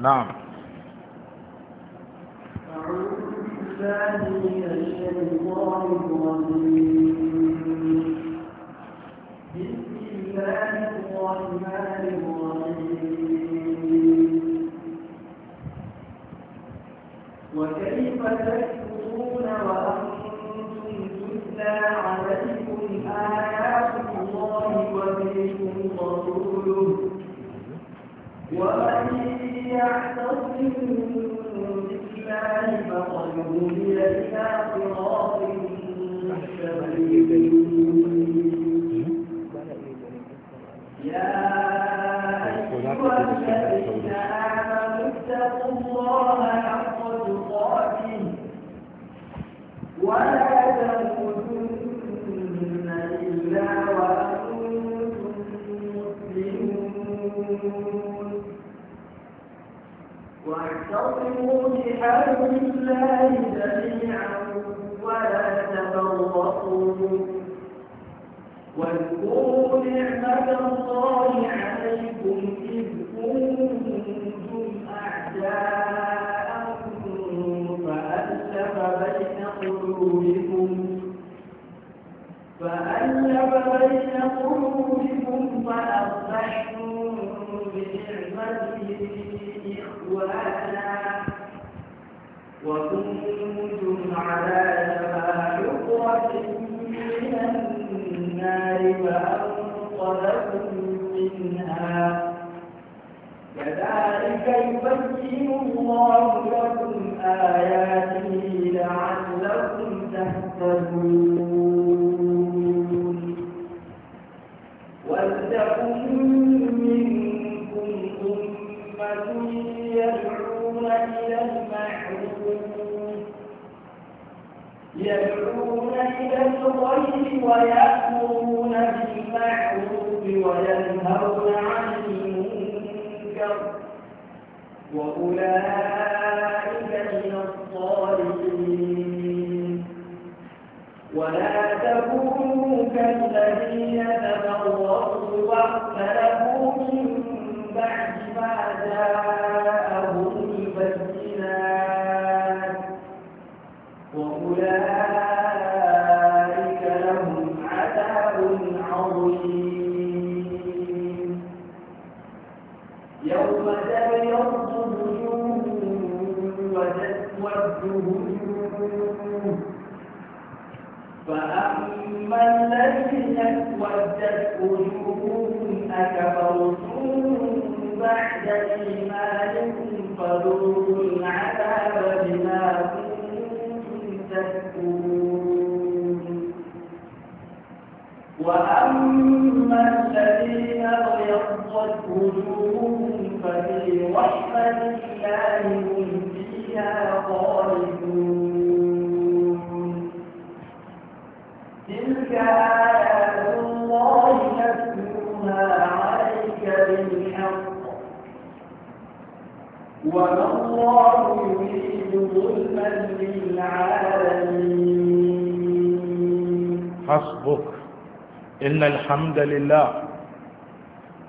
نعم أعوذ بالله من الشيطان الرجيم وكيف تكفرون وأنتم تتلى عليكم آيات الله وفيكم رسوله ومن يعتصم بالله فقد هدي إلى صراط مستقيم وَاسْتَغْفِرُوا لِحَمْدِ اللَّهِ جَمِيعًا وَلَا تَفَرَّقُوا واذكروا نعمة الله عليكم إذ كنتم أعداء فألف بين قلوبكم فألف بين قلوبكم فأصبحتم بنعمته إخوانا وكنتم على شفا حفرة من النار فأنقذكم منها كذلك يبين الله لكم آياته لعلكم تهتدون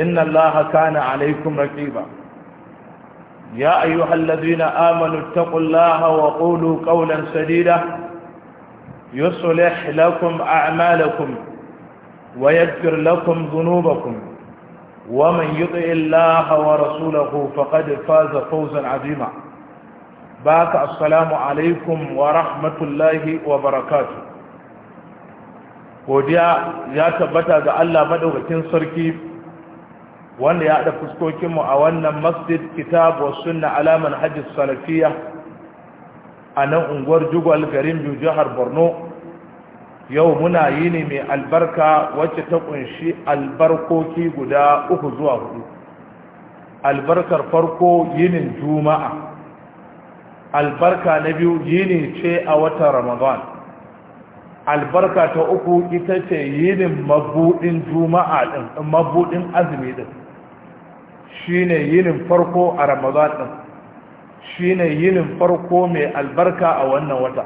إن الله كان عليكم رقيبا يا أيها الذين آمنوا اتقوا الله وقولوا قولا سديدا يصلح لكم أعمالكم ويذكر لكم ذنوبكم ومن يطع الله ورسوله فقد فاز فوزا عظيما باك السلام عليكم ورحمة الله وبركاته godiya ya tabbata ga Allah madaukakin sarki wanda ya haɗa fuskokinmu a wannan masjid kitab sunna alaman hajji salafiya a nan unguwar jugwal garin biyu jihar borno yau muna yi ne mai albarka wacce ta kunshi albarkoki guda uku zuwa hudu albarkar farko yinin juma'a albarka na biyu yini ce a watan ramadan albarka ta uku ita ce yinin mabudin juma'a din mabudin azumi din shine yinin farko a ramadan din shine yinin farko mai albarka a wannan wata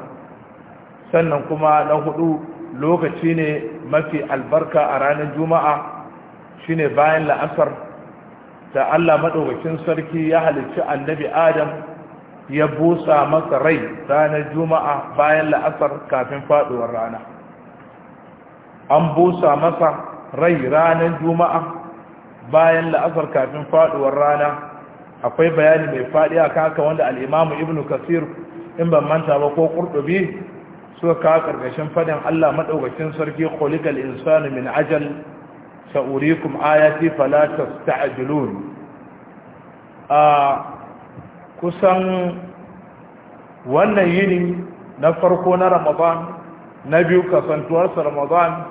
sannan kuma na hudu lokaci ne mafi albarka a ranar juma'a shine bayan la'asar da Allah madaukakin sarki ya halicci annabi Adam ya busa masa rai ranar juma'a bayan la'asar kafin faduwar rana an busa masa rai ranar juma'a bayan la'asar kafin faduwar rana akwai bayani mai faɗi a kaka wanda al'imamu ibn kasir in ban manta ba ko ƙurɗubi suka kawo ƙarƙashin faɗin allah maɗaukacin sarki kolikal insanu min ajal sa'urikum ayati falatas ta'ajilun a kusan wannan yini na farko na ramadan na biyu kasantuwarsa ramadan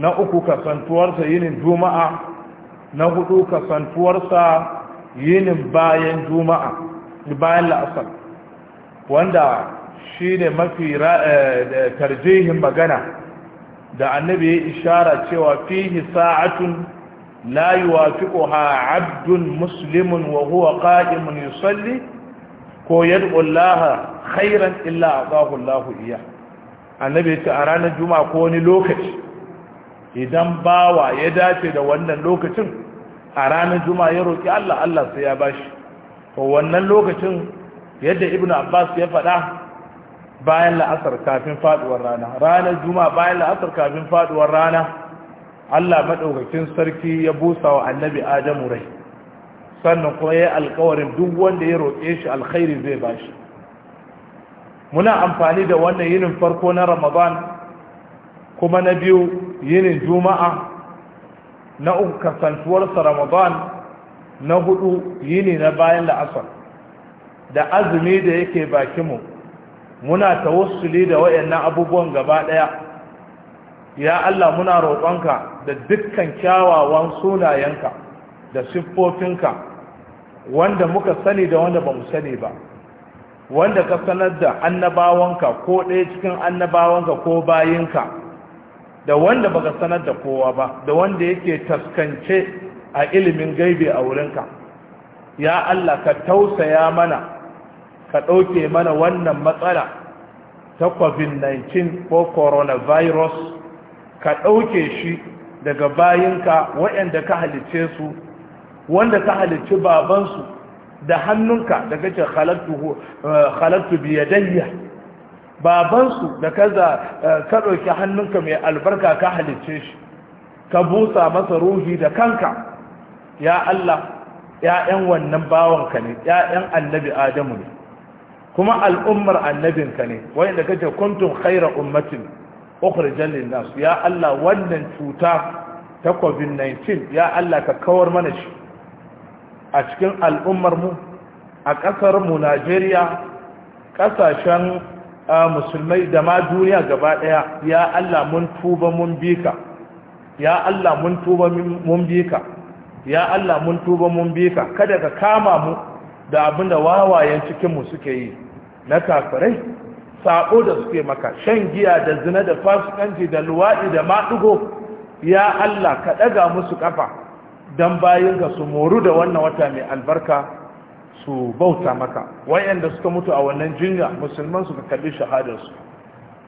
na uku kasantuwarsa yinin juma'a na hudu kasantuwarsa yinin bayan juma'a bayan la'asar wanda shi ne mafi eh, tarjihin magana da annabi ya ishara cewa fihi sa'atun la yuwafiquha 'abdun muslimun wa huwa qa'imun yusalli ko yad'u Allah khairan illa adahu Allah iya annabi ya ce a ranar juma'a ko wani lokaci idan bawa ya dace da wannan lokacin a ranar juma'a ya roƙi Allah Allah sai ya bashi to wannan lokacin yadda ibn abbas ya faɗa bayan la'asar kafin faduwar rana ranar juma'a bayan la'asar kafin faduwar rana Allah madaukakin sarki ya busa wa annabi adamu rai sannan kuma ya alkawarin duk wanda ya roƙe shi alkhairi zai bashi muna amfani da wannan yinin farko na ramadan kuma na biyu yinin juma'a na uku kasantuwarsa ramadan na hudu yini na bayan la'asar da azumi da yake bakinmu muna wasuli da wayannan abubuwan gaba daya ya Allah muna roƙonka da dukkan kyawawan sunayenka da siffofinka wanda muka sani da wanda ba mu sani ba wanda ka sanar da annabawanka ko ɗaya cikin annabawanka ko bayinka da wanda baka sanar da kowa ba da wanda yake taskance a ilimin gaibe a wurinka ya Allah ka tausaya mana ka ɗauke mana wannan matsala ta covid-19 ko coronavirus ka ɗauke shi daga bayinka waɗanda ka halice su wanda ka halici babansu da hannunka daga ce halattu eh, biyadayya babansu da kaza eh, ka ɗauki hannunka mai albarka ka halicce shi ka busa masa ruhi da kanka ya Allah ‘ya'yan wannan bawanka ne ‘ya'yan annabi adamu ne kuma al'ummar annabinka ne wanda kace kuntum khaira ummatin ukhrijal lin nas ya Allah wannan cuta ta covid-19 ya Allah ka kawar mana shi a cikin al'ummar mu a ƙasar mu Najeriya ƙasashen musulmai da ma duniya gaba daya ya Allah mun tuba mun bi ya Allah mun tuba mun bi ya Allah mun tuba mun bi kada ka kama mu da abinda wawayen cikin mu suke yi na kafirai sabo da suke maka shan giya da zina da fasikanci da luwadi da maɗigo ya Allah ka daga musu kafa dan bayin ka su moru da wannan wata mai albarka su bauta maka wayanda suka mutu a wannan jinya musulman suka kalli shahadarsu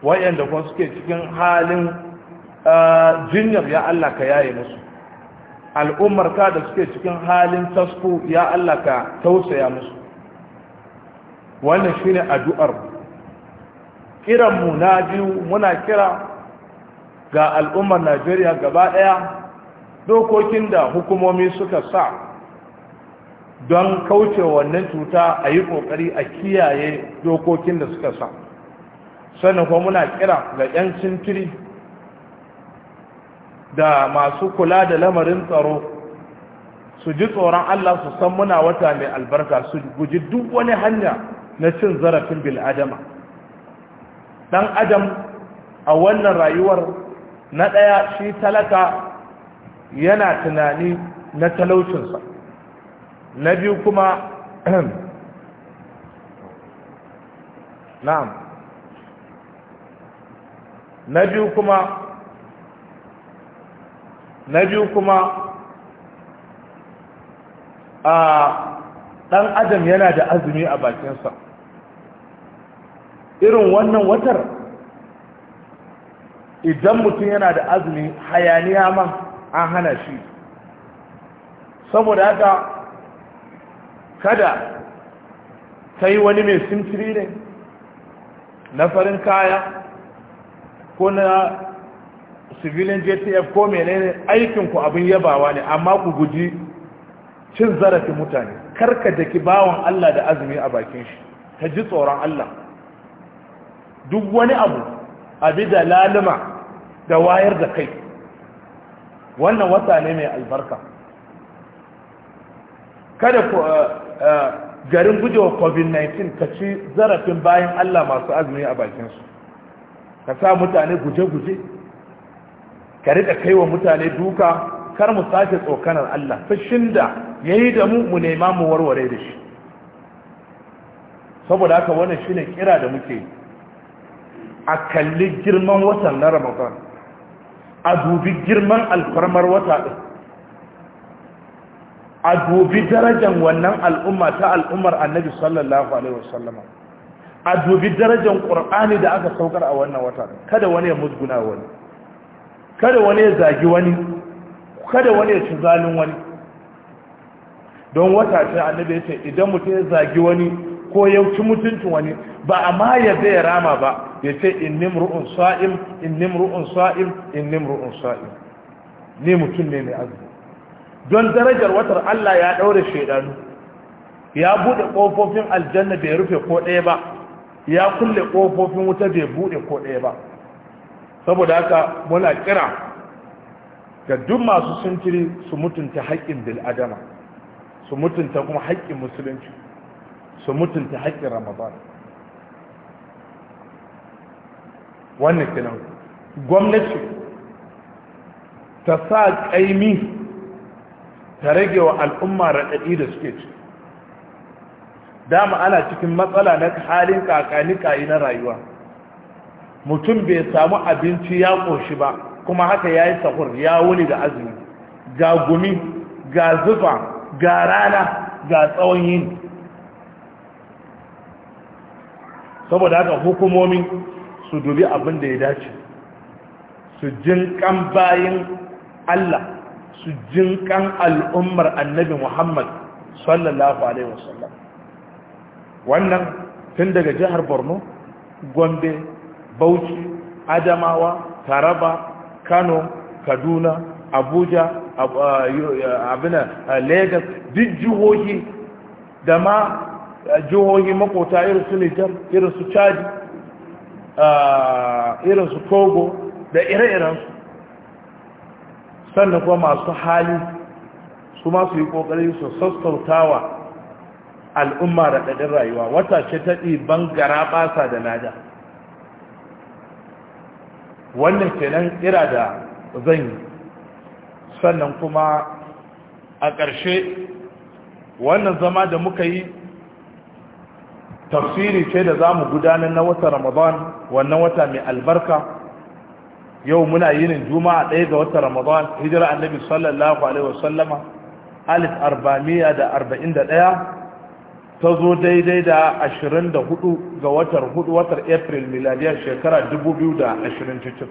wayanda kuma suke cikin halin ah, jinyar ya Allah ka yaye musu al'ummar ka da suke cikin halin tasku ya Allah ka tausaya musu wannan shine addu'ar kiran mu na biyu muna kira ga al'ummar Najeriya gaba daya dokokin da hukumomi suka sa don kauce wannan cuta a yi kokari a kiyaye dokokin da suka sa sannan kuma muna kira ga 'yan sintiri da masu kula da lamarin tsaro su ji tsoron Allah su san muna wata mai albarka su guji duk wani hanya na cin zarafin bil'adama dan adam a wannan rayuwar na ɗaya shi talaka yana tunani na talaucinsa na biyu kuma na'am na biyu kuma na biyu kuma a ɗan adam yana da azumi a bakinsa irin wannan watar idan mutum yana da azumi hayaniya man an hana shi saboda haka kada ta yi wani mai simtiri ne na farin kaya ko na civilian jtf ko menene aikinku abin yabawa ne amma ku guji cin zarafin mutane karka ki bawan allah da azumi a bakin shi ka ji tsoron allah duk wani abu abi da lalima da wayar da kai wannan wata ne mai albarka kada ku eh, Eh, garin gujewa covid-19 ka ci zarafin bayan allah masu azumi a bakinsu ka sa mutane guje-guje ka rika kai wa mutane duka kar mu sake tsokanar allah fashin da ya yi da mu mu nema mu warware da shi saboda haka wannan shine kira da muke a kalli girman watan na ramadan a dubi girman alfarmar wata ɗin a dubi darajar wannan al'umma ta al'ummar annabi sallallahu alaihi wasallama a dubi darajar qur'ani da aka saukar a wannan wata kada wani ya musguna wani kada wani ya zagi wani kada wani ya ci zalin wani don wata ce annabi ya ce idan mutum ya zagi wani ko ya ci mutuncin wani ba a ma ya ya rama ba ya ce innim ru'un sa'im innim ru'un sa'im innim ru'un sa'im ne mutum ne mai azumi don darajar watar Allah ya daure shedanu ya bude kofofin aljanna bai rufe ko ɗaya ba ya kulle kofofin wuta bai bude ko ɗaya ba saboda haka muna kira ga duk masu sintiri su mutunta haƙƙin bil'adama su mutunta kuma haƙƙin musulunci su mutunta haƙƙin ramadan wannan kenan gwamnati ta sa ƙaimi ta rage wa al'umma raɗaɗi da suke ci dama ana cikin matsala na halin kayi na rayuwa mutum bai samu abinci ya ƙoshi ba kuma haka ya yi sahur ya wuni da azumi ga gumi ga zufa ga rana ga tsawon yin saboda haka hukumomi su dubi abin da ya dace su jin kan bayin allah su jinkan al'ummar annabi muhammad sallallahu alaihi wasallam wannan tun daga jihar borno gombe bauchi adamawa taraba kano kaduna abuja uh, uh, abina uh, lagos duk jihohi da ma jihohi makota irin su nijar irin su chadi irin su togo da ire-irensu sannan kuma masu hali su ma su yi kokari su sassautawa al'umma da ɗaɗin rayuwa wata ce ta ban gara ɓasa da nada wannan kenan ira da zan yi sannan kuma a ƙarshe wannan zama da muka yi tafsiri ce da za mu gudanar na wata ramadan wannan wata mai albarka yau muna yin juma'a ɗaya ga watan ramadan hijira annabi sallallahu alaihi wasallama alif arba'amiya da arba'in da ɗaya ta zo daidai da ashirin da hudu ga watar hudu watar april miladiyar shekara dubu biyu da ashirin cikin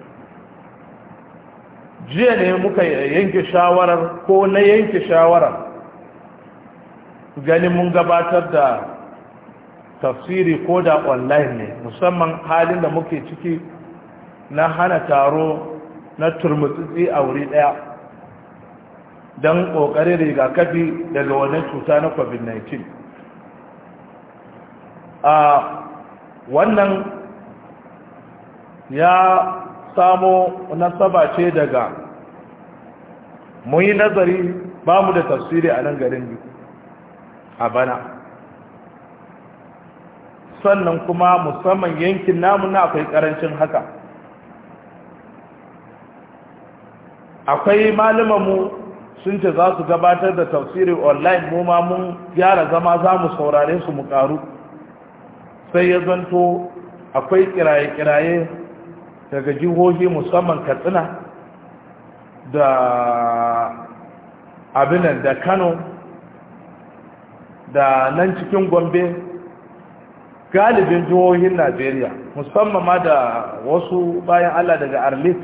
jiya ne muka yanke shawarar ko na yanke shawarar ganin mun gabatar da tafsiri ko da online ne musamman halin da muke ciki na hana taro na turmutsitsi a wuri ɗaya don ƙoƙarin rigakafi daga wannan cuta na covid-19 a wannan ya samo nasaba ce daga muyi nazari ba mu da tafsiri a nan garin a bana sannan kuma musamman yankin namu na akwai karancin haka akwai malaman mu sun ce za su gabatar da tafsiri online mu ma mun gyara zama za mu saurare su mu karu sai ya zanto akwai kiraye-kiraye daga jihohi musamman katsina da abinan da kano da nan cikin gombe galibin jihohin najeriya musamman ma da wasu bayan allah daga arlit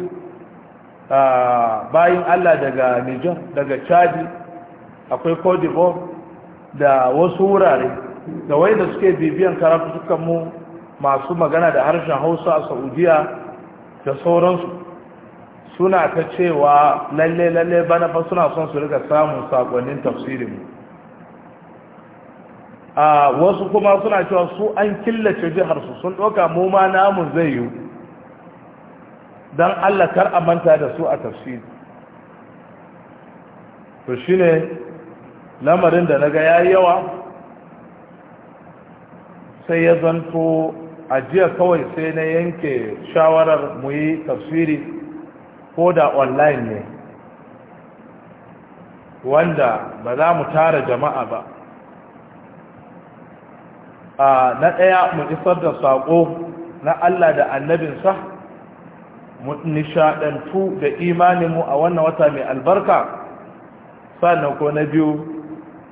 bayin Allah daga Nijon daga Chadi akwai Cote d'Ivoire da wasu wurare da wai da suke bibiyan karatu mu masu magana da harshen Hausa a Saudiya da sauransu suna ta cewa lalle lalle bana fa suna son su rika samun sakonnin tafsirin a wasu kuma suna cewa su an killace jiharsu sun ɗauka mu ma namu zai yi don Allah kar a manta da su a tafsiri to shine lamarin da naga yayi yawa sai ya zanto jiya kawai sai na yanke shawarar mu yi tafsiri ko da online ne wanda ba za mu tara jama'a ba A na ɗaya mu isar da saƙo na Allah da annabinsa nishadantu da imaninmu a wannan wata mai albarka sannan ko na biyu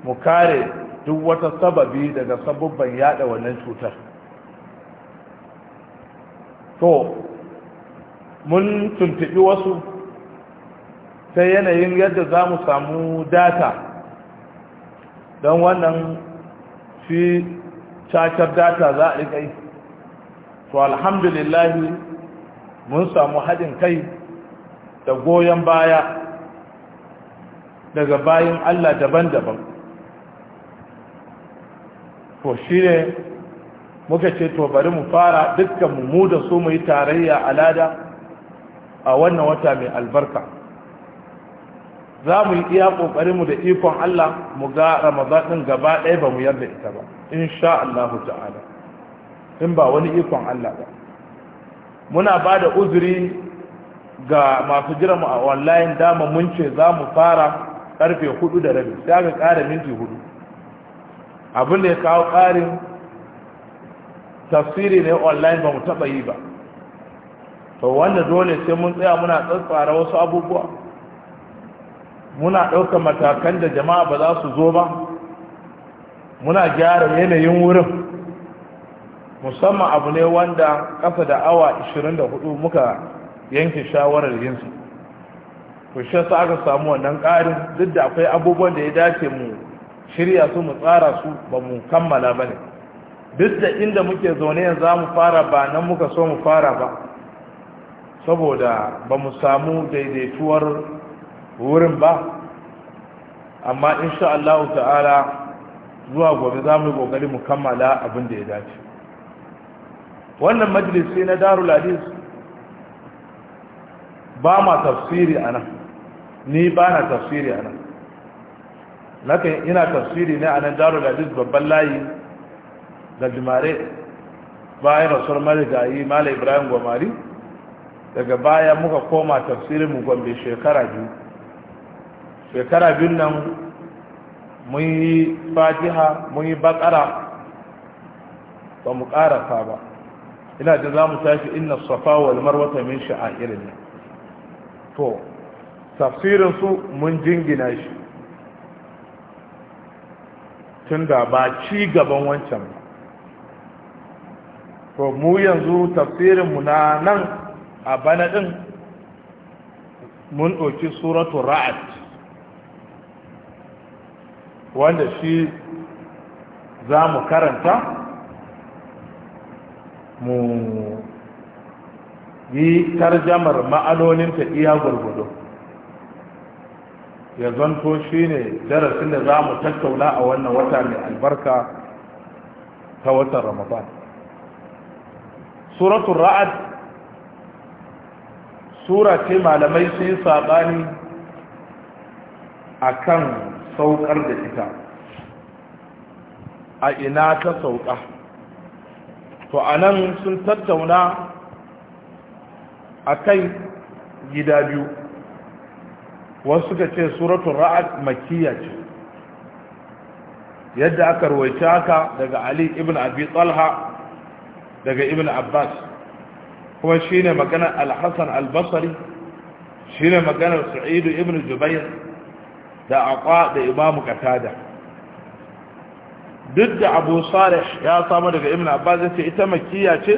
mu kare duk wata sababi daga sabubban yada wannan cutar to mun tuntubi wasu ta yanayin yadda za mu samu data don wannan fi cacar data za a rikai to alhamdulillahi mun samu haɗin kai da goyon baya daga bayan Allah daban-daban to shi ne muka ce to bari mu fara dukkan mu da su mu yi tarayya alada a wannan wata mai albarka za mu yi iya mu da ikon Allah mu ga ramadanin gaba ɗaya ba mu yarda ita ba in sha Allah ta'ala in ba wani ikon Allah ba muna ba da uzuri ga masu jiran mu a online dama mun ce za mu fara karfe hudu da rabi sai aka kara minti hudu abin da ya kawo karin tafsiri ne online ba mu taba yi ba to wanda dole sai mun tsaya muna tsatsara wasu abubuwa muna ɗaukar matakan da jama'a ba za su zo ba muna gyara yanayin wurin musamman abu ne wanda ƙasa da awa 24 muka yanke shawarar yinsu to shi aka samu wannan karin duk da akwai abubuwan da ya dace mu shirya su mu tsara su ba mu kammala ba ne duk da inda muke zaune yanzu za mu fara ba nan muka so mu fara ba saboda ba mu samu daidaituwar wurin ba amma insha Allah ta'ala zuwa gobe za mu yi ƙoƙari mu kammala abin da ya dace wannan majalisi na darul hadis ba ma tafsiri anan ni ba na tafsiri anan lakin ina tafsiri ne anan darul hadis babban layi da jumare bayan rasuwar marigayi mala ibrahim gwamari daga baya muka koma tafsirin mu gombe shekara biyu shekara biyun nan mun yi fatiha mun yi bakara ba mu karasa ba ina jin za mu tashi inna safa wal marwata min sha'irin to tafsirin su mun jingina shi tunda ba ci gaban wancan ba to mu yanzu tafsirin mu na nan a bana din mun ɗauki suratu ra'ad wanda shi za mu karanta mu yi tarjamar ma'anoninta iya gurgudu ya zanto shi ne darasin da za mu tattauna a wannan wata mai albarka ta watan ramadan suratun ra'ad sura ce malamai sun yi saɓani a kan saukar da ita a ina ta sauƙa? to a nan sun tattauna a kai gida biyu wasu suka ce suratun ra'ad makiya ce yadda aka rawaice haka daga ali ibn abi talha daga ibn abbas kuma shi ne maganar alhassan albasari shi ne maganar sa'idu ibn jubair da akwa da imamu katada duk da abu salih ya samu daga imin abbas ce ita makiya ce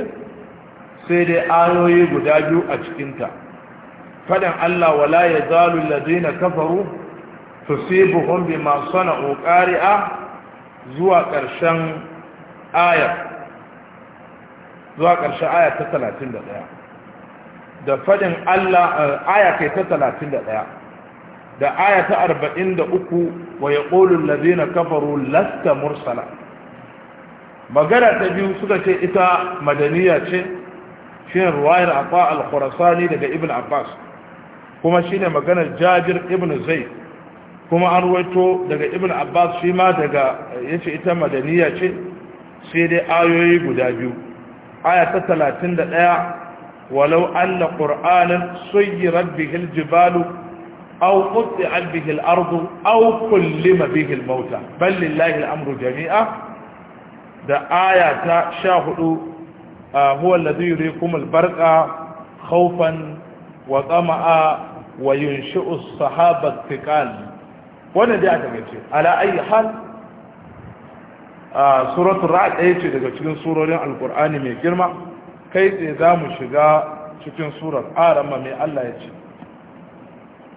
sai dai ayoyi guda biyu a cikinta fadin Allah wala ya yazalu alladhina kafaru masu na sana'u a zuwa ƙarshen ayar zuwa ƙarshen ayar ta 31 da fadin Allah eh, ayar kai ta 31 da aya ta arba'in da uku wa ya ƙolin lazina kafaru lasta mursala magana ta biyu suka ce ita madaniya ce shi ne ruwayar afa al daga ibn abbas kuma shi ne maganar jabir ibn zai kuma an ruwaito daga ibn abbas shi ma daga ya ce ita madaniya ce sai dai ayoyi guda biyu aya ta talatin da ɗaya walau an na ƙur'anin suyi rabbi hiljibalu أو قطع به الأرض أو كلم به الموتى بل لله الأمر جميعا ده آية شاهد هو الذي يريكم البرق خوفا وطمعا وينشئ الصحابة الثقال وانا دي أتكلم على أي حال سورة الرعد أي شيء daga cikin surorin alkur'ani mai girma kai tsaye za mu shiga cikin surar arama mai Allah ya ce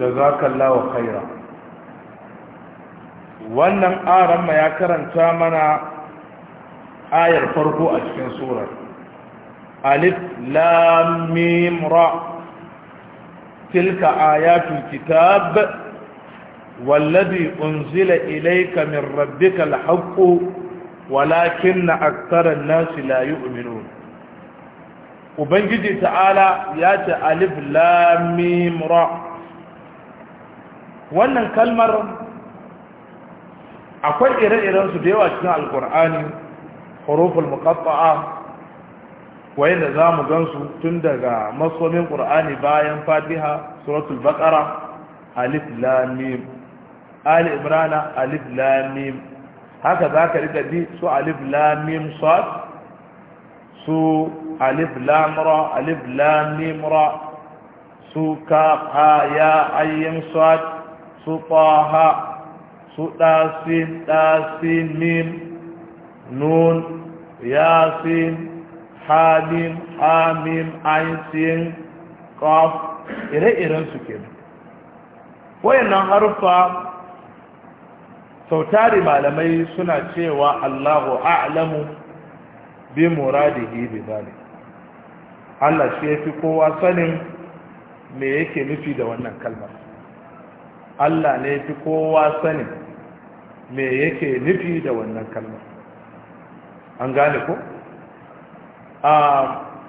جزاك الله خيرا wannan aron ma ya karanta mana ayar farko a cikin surar alif lam mim ra tilka ayatul kitab wallazi unzila ilayka min rabbikal haqqu walakin na aksarar nasu layi ubangiji ta'ala ya ce alif ra' wannan kalmar akwai ire-irensu da yawa cikin alkur'ani huruful muqatta'a wayanda za mu gansu tun daga masomin ƙur'ani bayan fatiha suratul baqara alif lamim ali imrana alif lamim haka za ka rika bi su alif lamim sad su alif lamra alif ra su ka ha ya ayyin sad su ha su ɗasin sin mim nun ha mim ayin ainsin ƙaf ire su ke wayannan harfa sau tari malamai suna cewa allahu a'lamu bi muradihi bi zalik Allah shi yafi kowa sanin me yake nufi da wannan kalmar Allah ne yafi kowa sanin me yake nufi da wannan kalmar an gane ko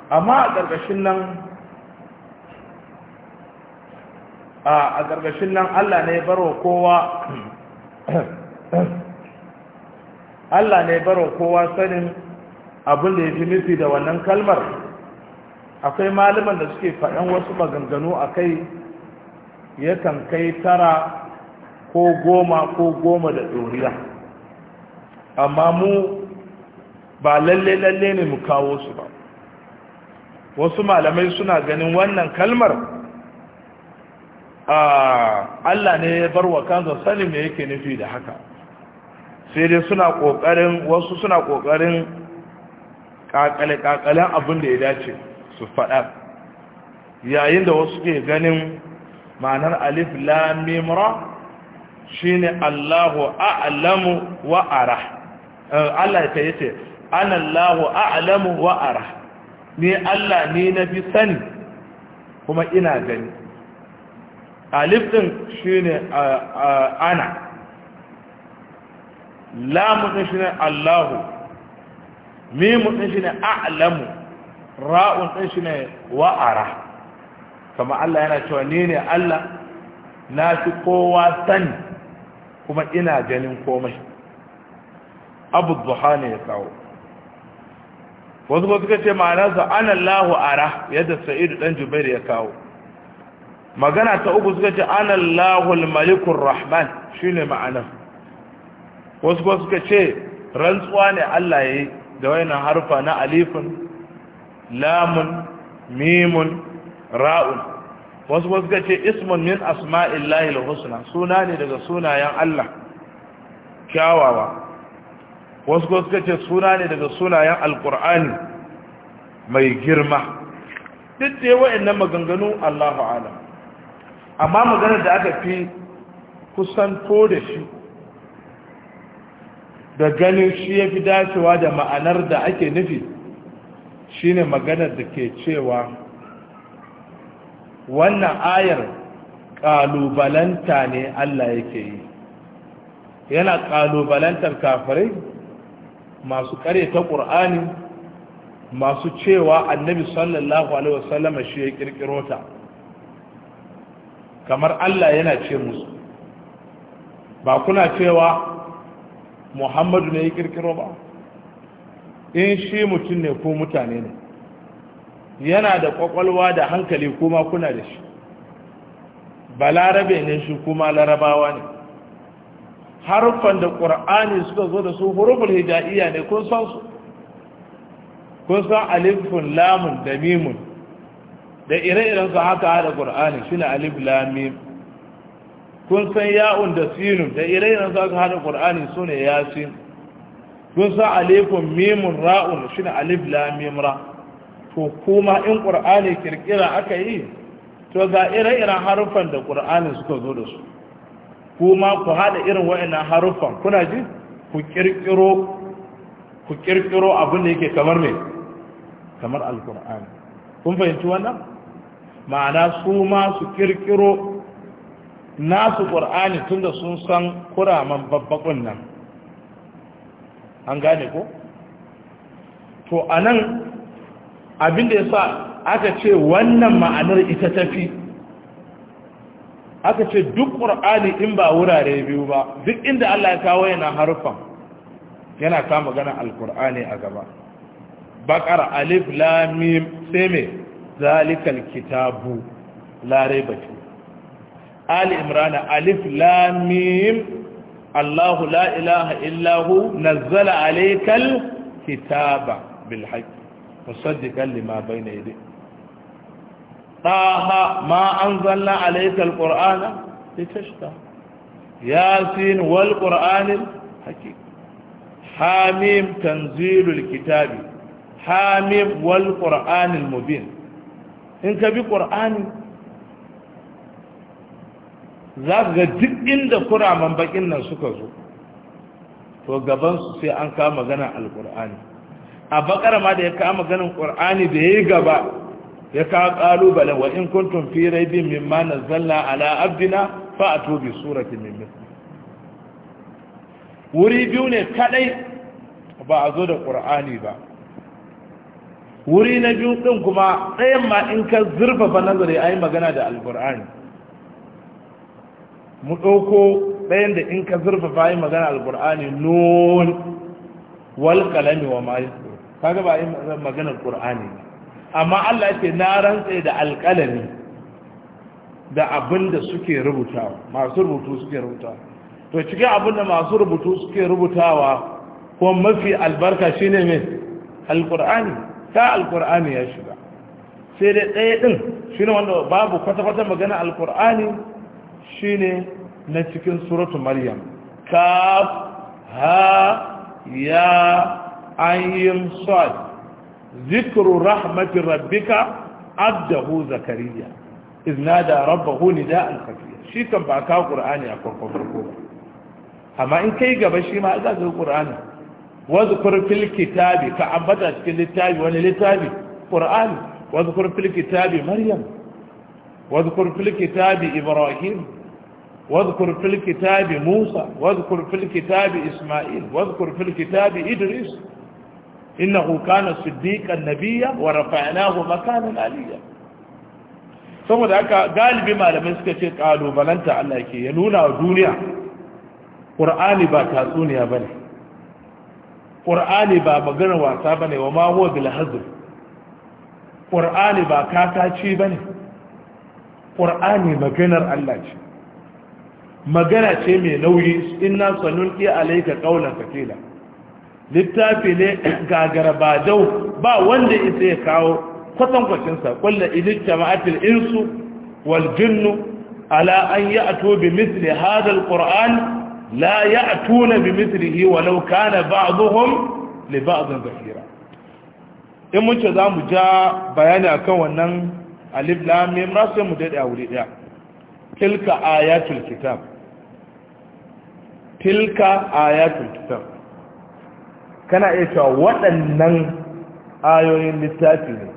amma a ƙarƙashin nan a ƙarƙashin nan Allah ne barwa kowa Allah ne baro kowa sanin abin da ya fi nufi da wannan kalmar akwai malaman da suke faɗan wasu maganganu a kai yakan kai tara ko goma ko goma da ɗoriya amma mu ba lalle-lalle ne mu kawo su ba wasu malamai suna ganin wannan kalmar ah, Allah ne ya bar wa kansa sanin me yake nufi da haka sai dai suna kokarin wasu suna kokarin kakale-kakalen abin da ya dace su faɗa yayin da wasu ke ganin ma'anar alif lamimra shine allahu a'lamu wa ara eh, Allah ta yace ana allahu a'lamu wa ara ni Allah ni na fi sani kuma ina gani alif din shine eh, eh, ana la ɗin shi ne allahu mi ɗin shi ne a'lamu ra'un ɗin shi ne wa'ara kama allah yana cewa ni ne allah na fi kowa sani kuma ina ganin komai abu duha ne ya kawo wasu kuma suka ce ma'anarsa an allahu ara yadda sa'idu ɗan jubair ya kawo magana ta uku suka ce an allahu malikun rahman shi ne ma'anar wasu ba suka ce rantsuwa ne Allah ya yi da wayannan harfa na alifin lamun mimun ra'un wasu ba suka ce ismun min asma'in lahil husna suna ne daga sunayen Allah kyawawa wasu ba suka ce suna ne daga sunayen alkur'ani mai girma duk da yawa inna maganganu Allahu a'lam amma maganar da aka fi kusan to da shi da ganin shi ya fi dacewa da ma'anar da ake nufi shine maganar da ke cewa wannan ayar ƙalubalanta ne Allah yake yi yana ƙalubalantar kafirai masu kare ta ƙur'ani masu cewa annabi sallallahu alaihi wasallama shi ya ƙirƙiro ta kamar Allah yana ce musu ba kuna cewa muhammadu ne ya kirkiro ba in shi mutum ne ko mutane ne yana da kwakwalwa da hankali kuma kuna da shi balarabe ne shi kuma larabawa ne haruffan da ƙur'ani suka zo da su hurufin hija'iyya ne kun san su kun san alifun lamun da mimun da ire-iren su haka da ƙur'ani shi ne alif lamun kun san ya'un da sinun da ire-iren za su hada ƙur'ani su ne yasin kun san alifun mimun ra'un shi ne alif lamim ra to kuma in ƙur'ani kirkira aka yi to ga irin irin haruffan da ƙur'ani suka zo da su kuma ku hada irin wa'annan harufan kuna ji ku kirkiro ku kirkiro abin da yake kamar mai kamar alƙur'ani kun fahimci wannan ma'ana su ma su kirkiro nasu ƙur'ani tun da sun san kuraman babbaƙun nan an gane ko? to a nan abinda ya sa aka ce wannan ma'anar ita tafi aka ce duk ƙur'ani in ba wurare biyu ba duk inda Allah ya kawo yana harfan yana kama ganin alƙur'ani a gaba baƙar alif lamim sai mai zalikal kitabu larai baki آل imrana ألف لام الله لا إله إلا هو نزل عليك الكتاب بالحق مصدقا لما بين يديه طه ما أنزلنا عليك القرآن لتشتى ياسين والقرآن الحكيم حاميم تنزيل الكتاب حاميم والقرآن المبين إنك بقرآن za su ga duk inda kuraman bakin nan suka zo to gabansu sai an kama maganar alkur'ani a bakar ma da ya kama maganar kur'ani da ya yi gaba ya kawo kalubale wa in kuntun firai bin mimma zalla ala abdina fa a bi suratin min wuri biyu ne kadai ba a zo da ƙur'ani ba wuri na biyu din kuma ɗayan ma in ka zurfafa nazari ayi magana da alkur'ani mu ɗauko ɗayan da in ka zurfa bayan magana Alƙur'ani nun wal kalami wa ma kaga ba magana maganar qur'ani amma Allah ce na rantse da alƙalami da abinda suke rubutawa masu rubutu suke rubutawa to cikin abinda masu rubutu suke rubutawa ko mafi albarka shine me alqur'ani ta alqur'ani ya shiga sai dai ɗaya din shine wanda babu kwata-kwata magana alqur'ani shine na cikin suratu maryam kaf ha ya ayin sad zikru rahmatin rabbika abdahu zakariya iznada rabbahu nida'an khafiya shi kan ba ka qur'ani a farko farko amma in kai gaba shi ma za ka qur'ani wazkur fil kitabi ka ambata cikin littafi wani littafi qur'ani wazkur fil kitabi maryam wazkur fil kitabi ibrahim واذكر في الكتاب موسى واذكر في الكتاب إسماعيل واذكر في الكتاب إدريس إنه كان صديقا نبيا ورفعناه مكانا عليا saboda haka galibi malamai suka ce kalubalanta Allah ke ya nuna wa duniya ƙur'ani ba tatsuniya ba ne ƙur'ani ba maganar wasa ba ne wa ma huwa bil hazir ba kakaci ba ne maganar Allah ce magana ce mai nauyi inna iya alaika qawlan katila littafi ne gagara ba dau ba wanda isa ya kawo kwatan kwacin sa idin ilijtama'atil insu wal jinnu ala an ya'tu bi mithli hadha al qur'an la ya'tuna bi mithlihi walau kana ba a zan dhahira in mun ce za mu ja bayani kan wannan alif lam mim mu dade a wuri daya tilka ayatul kitab tilka ayatul kitab kana iya cewa waɗannan ayoyin littafi ne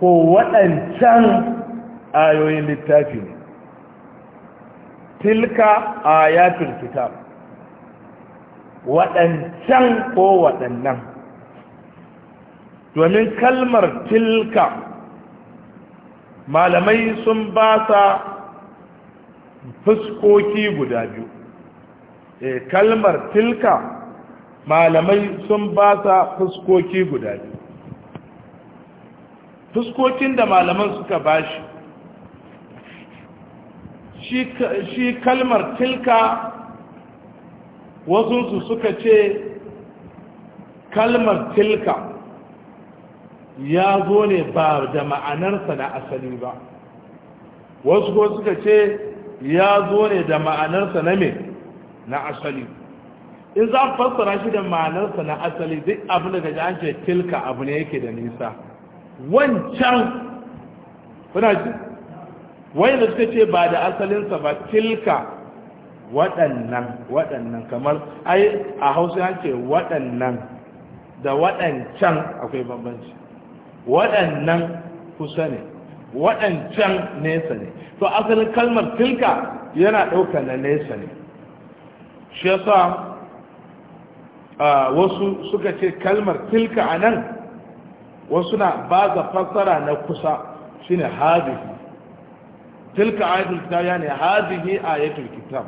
ko waɗancan ayoyin littafi ne tilka ayatul kitab waɗancan ko waɗannan domin kalmar tilka malamai sun ba sa fuskoki guda biyu Eh, kalmar tilka malamai sun ba sa fuskoki guda biyu fuskokin da malaman suka bashi shi kalmar tilka wasunsu suka ce kalmar tilka ya zo ne ba da ma'anarsa na asali ba wasu ko suka ce ya zo ne da ma'anarsa na mai na asali in za a fassara shi da ma'anarsa na asali duk abin da ga an ce tilka abu ne yake da nisa wancan kuna ji wani da suka ce ba da asalinsa ba tilka waɗannan waɗannan kamar ai a hausa ya ce waɗannan da waɗancan akwai bambanci waɗannan kusa ne waɗancan nesa ne to asalin kalmar tilka yana ɗaukar na nesa ne shi yasa wasu suka ce kalmar tilka a nan wasu na ba ga fassara na kusa shi ne hadihi tilka ayatul kitab ne hadihi ayatul kitab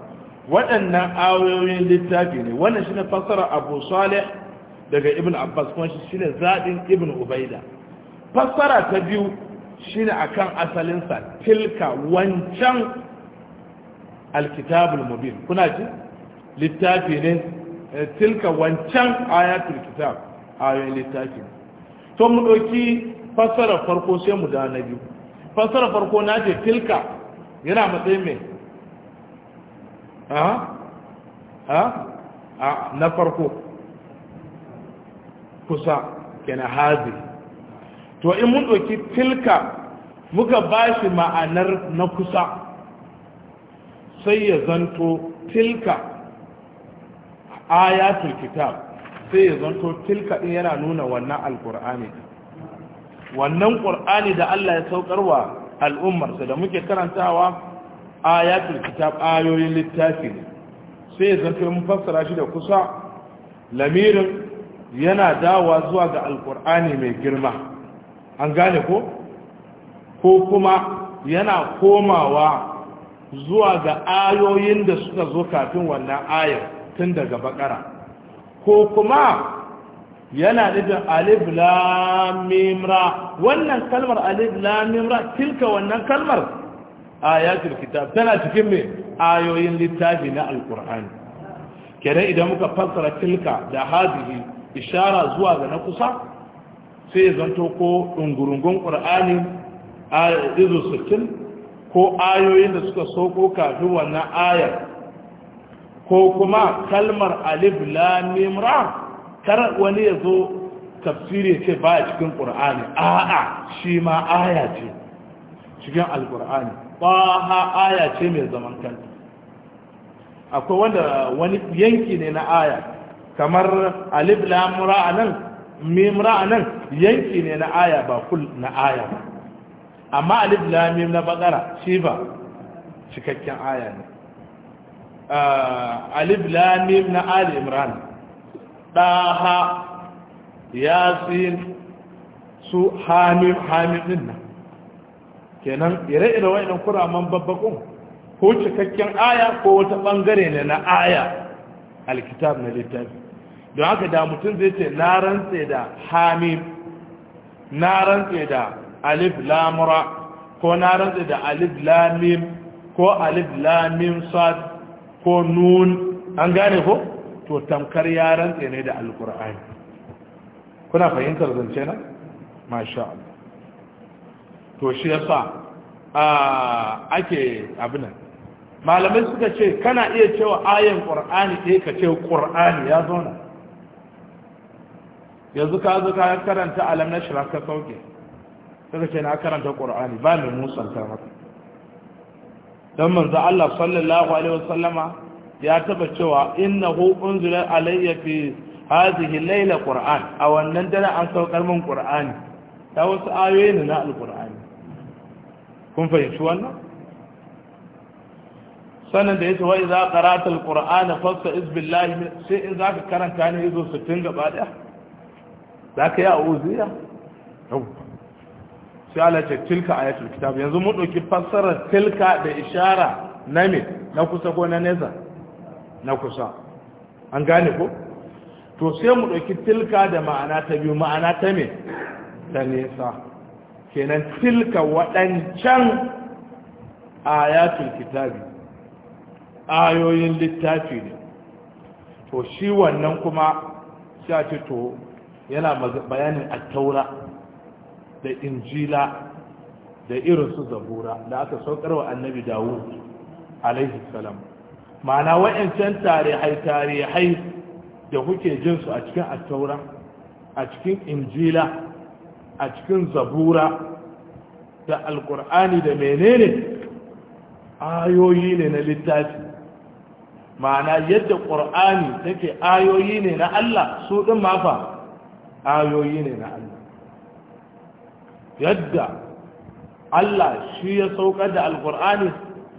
waɗannan ayoyin littafi ne wannan ne fassara Abu Salih daga Ibn Abbas kuma ne zaɗin Ibn Ubaida fassara ta biyu shi shine akan kan asalinsa tilka wancan alkitabul mubin kuna ji littafi ne eh, tilka wancan ayatul kitab ayoyin littafi to mu ɗauki fassarar farko sai mu da na biyu fassarar farko na ce tilka yana matsayin mai ah? ah? ah, na farko kusa kenan hazi to in mun ɗauki tilka muka ba shi ma'anar na kusa sai ya zanto tilka ayatul kitab sai ya zanto tilka din yana nuna wannan alqur'ani wannan ƙur'ani da Allah ya saukarwa al'ummar sa da muke karantawa ayatul kitab ayoyin littafi sai ya zanto mun fassara shi da kusa lamirin yana dawa zuwa ga alqur'ani mai girma an gane ko ko kuma yana komawa zuwa ga ayoyin da suka zo kafin wannan ayar tun daga bakara ko kuma yana nufin alif lamimra wannan kalmar alif lamimra tilka wannan kalmar ayatul kitab tana cikin mai ayoyin littafi na alkur'ani kenan idan muka fassara tilka da hadihi ishara zuwa ga na kusa sai zanto ko ɗungurungun ƙur'ani a izu sukin. ko ayoyin da suka soko kafin wannan ayar ko kuma kalmar alif lamim ra kar wani ya zo tafsiri ya ce ba a cikin qur'ani a'a shi ma aya ce cikin alqur'ani ha aya ce mai zaman kanta akwai wanda wani yanki ne na aya kamar alif lam ra anan mim ra anan yanki ne na aya ba kul na aya ba amma alif lam mim na bakara shi ba cikakken aya ne alif lamim na ali imran daha yasin su hamim hamim kenan ire-ire wa'inan kuraman babbakun ko cikakken aya ko wata bangare ne na aya alkitab na littafi don haka da mutum zai ce na rantse da hamim na rantse da alif lamura ko na rantse da alif lamim ko alif lamim sad ko nun an gane ko to tamkar yaran ne da alkur'ani kuna fahimtar zance na masha Allah to shi yasa a ake nan malamai suka ce kana iya cewa ayan qur'ani sai ka ce qur'ani ya zauna yanzu ka zo ka karanta alam na shirka sauke suka ce na karanta qur'ani ba mai musanta maka Don manzo Allah sallallahu alaihi wasallama ya taba cewa innahu unzila alayya fi hadhihi layla qur'an a wannan dare an saukar min qur'ani ta wasu ayoyi ne na alqur'ani kun fahimci wannan Sannan da yace wa idza qara'ta a fasta'iz Isbillahi, sai in za ka karanta ne yazo 60 gaba daya ka yi a uziya? yawwa sai Allah ce tilka ayatul kitab yanzu mu dauki fassarar tilka da ishara na me na kusa ko na nesa na kusa an gane ko to sai mu dauki tilka da ma'ana ta biyu ma'ana ta me da nesa kenan tilka waɗancan ayatul kitabi ayoyin littafi ne to shi wannan kuma sai a ce to yana bayanin at-taura da injila da irin su zabura da aka saukar wa annabi dawud alaihi salam ma'ana wa'ancan tarihai tarihai da kuke jin su a cikin attaura a cikin injila a cikin zabura da alkur'ani da menene ayoyi ne na littafi ma'ana yadda ƙur'ani take ayoyi ne na Allah su ɗin mafa ayoyi ne na Allah yadda Allah shi ya saukar da alkur'ani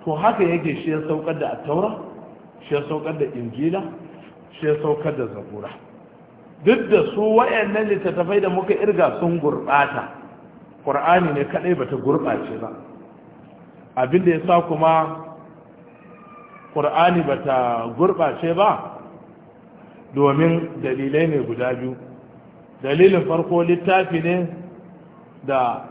to haka yake shi ya saukar da attaura shi ya saukar da injila shi ya saukar da zabura duk da su wayannan littattafai da muka irga sun gurɓata qur'ani ne kaɗai bata gurɓace ba abinda ya sa kuma ƙur'ani bata gurɓace ba domin dalilai ne guda biyu dalilin farko littafi ne da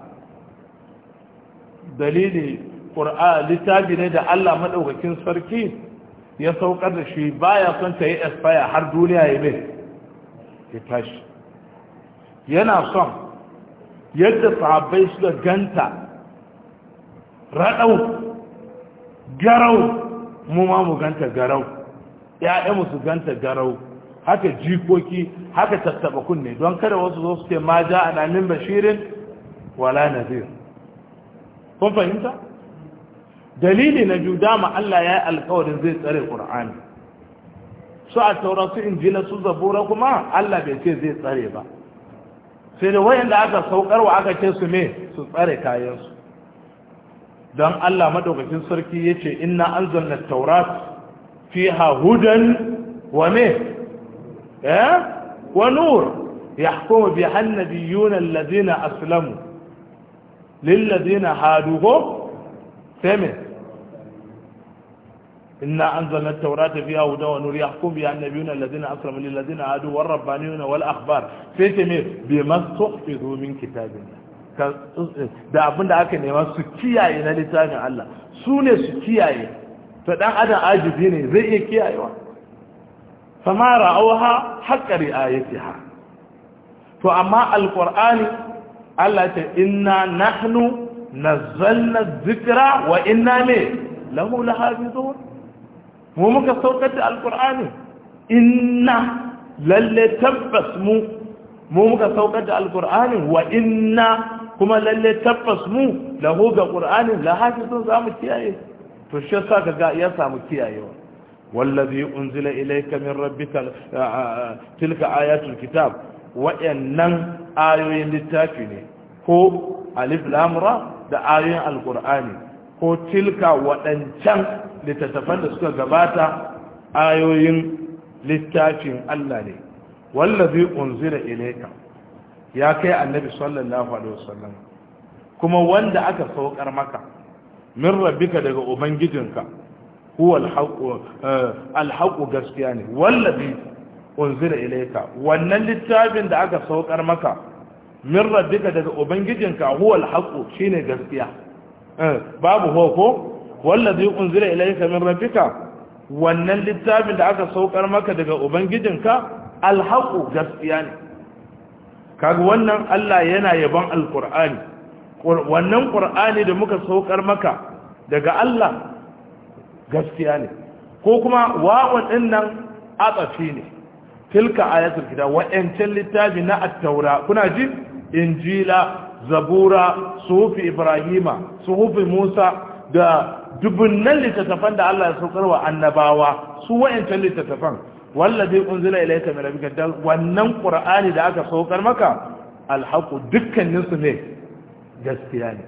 dalili ƙur'an littafi ne da Allah maɗaukakin sarki ya sauƙar da shi ba ya son ta yi expire har duniya ya mai ya tashi yana son yadda sahabbai suka ganta raɗau garau mu ma mu ganta garau ‘ya'yanmu su ganta garau haka jikoki haka tattaɓa kunne don kada wasu zo su ce ma ja a min bashirin wala nazir kun fahimta dalili na biyu dama Allah ya yi alkawarin zai tsare Qur'ani su a taura su injila su zabura kuma Allah bai ce zai tsare ba sai da wayanda aka wa aka ce su me su tsare kayansu don Allah madaukakin sarki ya ce inna anzalna taurat fi hudan wa me eh wa nur yahkumu biha an-nabiyyuna alladhina aslamu للذين هادوه ثمن إنا أنزلنا التوراة فيها هدى ونور يحكم بها النبيون الذين أكرموا للذين عادوا والربانيون والأخبار في تمير بما تحفظوا من كتاب الله دا أبن داكن يما سكيا إلى لسان الله سونة سكيا فدا أدا أجبيني رئي كيا فما رأوها حق رئايتها فأما القرآن Allah ce inna nahnu nazzalna dhikra wa inna me lahu lahafizun mu muka saukar da alqur'ani inna lalle tabbas mu mu muka saukar da alqur'ani wa inna kuma lalle tabbas mu lahu ga qur'anin lahafizun mu kiyaye to shi yasa kaga ya samu kiyayewa والذي أنزل إليك من ربك تلك آيات الكتاب waɗannan ayoyin littafi ne ko alif lamura da ayoyin alkur'ani ko tilka waɗancan littattafan da suka gabata ayoyin littafin Allah ne wallazi unzira ilayka ya kai annabi sallallahu alaihi wasallam kuma wanda aka saukar maka min rabbika daga ubangijinka huwa alhaqu eh, gaskiya ne wallazi unzila ilaika wannan littafin da aka saukar maka min rabbika daga ubangijinka huwal haqu shine gaskiya eh, babu hoko wallazi unzila ilaika min rabbika wannan littafin da aka saukar maka daga ubangijinka alhaqu gaskiya ne kaga wannan Allah yana yaban alqur'ani wannan qur'ani da muka saukar maka daga Allah gaskiya ne ko kuma wa'un dinnan atafi ne tilka ayatul kitab wa'ancan littafi na attaura kuna ji injila zabura suhufi ibrahima suhufi musa da dubunnan littattafan da Allah ya saukar wa annabawa su wa'ancan littattafan wallazi unzila ilayka min rabbika wannan qur'ani da aka saukar maka alhaqu dukkanin su ne gaskiya ne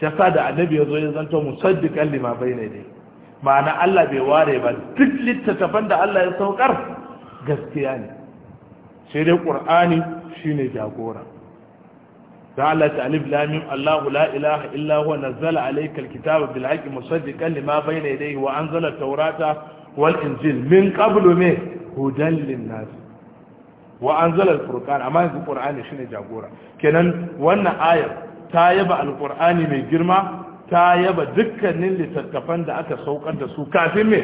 shafa da annabi yazo ya zanto musaddiqan lima bayna yadayhi ma'ana Allah bai ware ba duk littattafan da Allah ya saukar gaskiya ne sai dai ƙur'ani ne jagora da Allah ta alif lamim Allahu la ilaha illa huwa nazzala alayka alkitaba bil haqqi musaddiqan lima bayna yadayhi wa anzala at-taurata wal injil min qablu me hudan lin nas wa anzala al-furqan amma yanzu qur'ani shine jagora kenan wannan ayar ta yaba al-qur'ani mai girma ta yaba dukkanin littattafan da aka saukar da su kafin me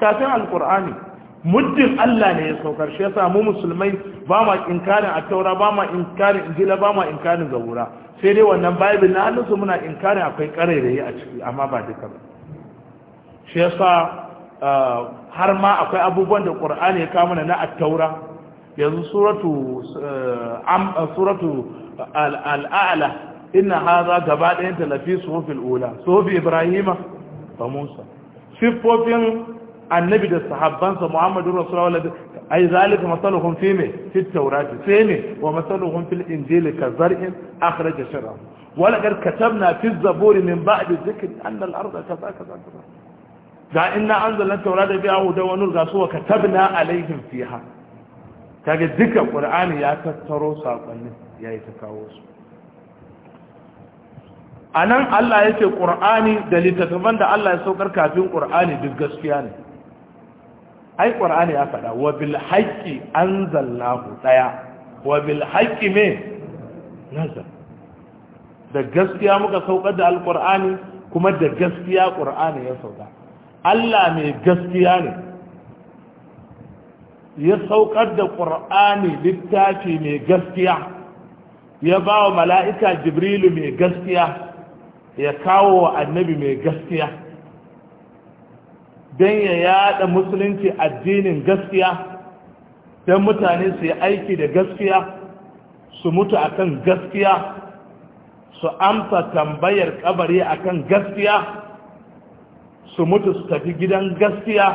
kafin al-qur'ani muddin Allah ne ya saukar shi yasa mu musulmai ba ma inkarin attaura ba ma inkarin injila ba ma inkarin zabura sai dai wannan bible na hannunsu muna inkarin akwai yi a ciki amma ba duka ba shi yasa uh, har ma akwai abubuwan da qur'ani ya kawo mana na attaura yanzu suratu uh, uh, suratu al'ala inna hadha gaba ɗayan talafi suhufil ula suhufi ibrahima fa musa siffofin annabi da sahabbansa muhammadu rasulullah ai zalika masaluhum fi me fi taurati sai ne wa masaluhum fil injili ka zar'in akhraja shar'a wala gar katabna fi zaburi min ba'di dhikri anna al-ardha kaza kaza kaza da inna anzalna taurata bi hudan wa nur gasu wa katabna alaihim fiha kage duka qur'ani ya tattaro sakonnin yayi ta kawo su anan Allah yake qur'ani da littattafan da Allah ya saukar kafin qur'ani duk gaskiya ne ai qur'ani ya faɗa wa bil haqqi anzalnahu daya wa bil haqqi me nazal da gaskiya muka saukar da alqur'ani kuma da gaskiya qur'ani ya sauka Allah mai gaskiya ne ya saukar da qur'ani littafi mai gaskiya ya ba wa mala'ika jibrilu mai gaskiya ya kawo wa annabi mai gaskiya don ya yada musulunci addinin gaskiya don mutane su yi aiki da gaskiya su mutu akan gaskiya su amsa tambayar kabari akan gaskiya su mutu su tafi gidan gaskiya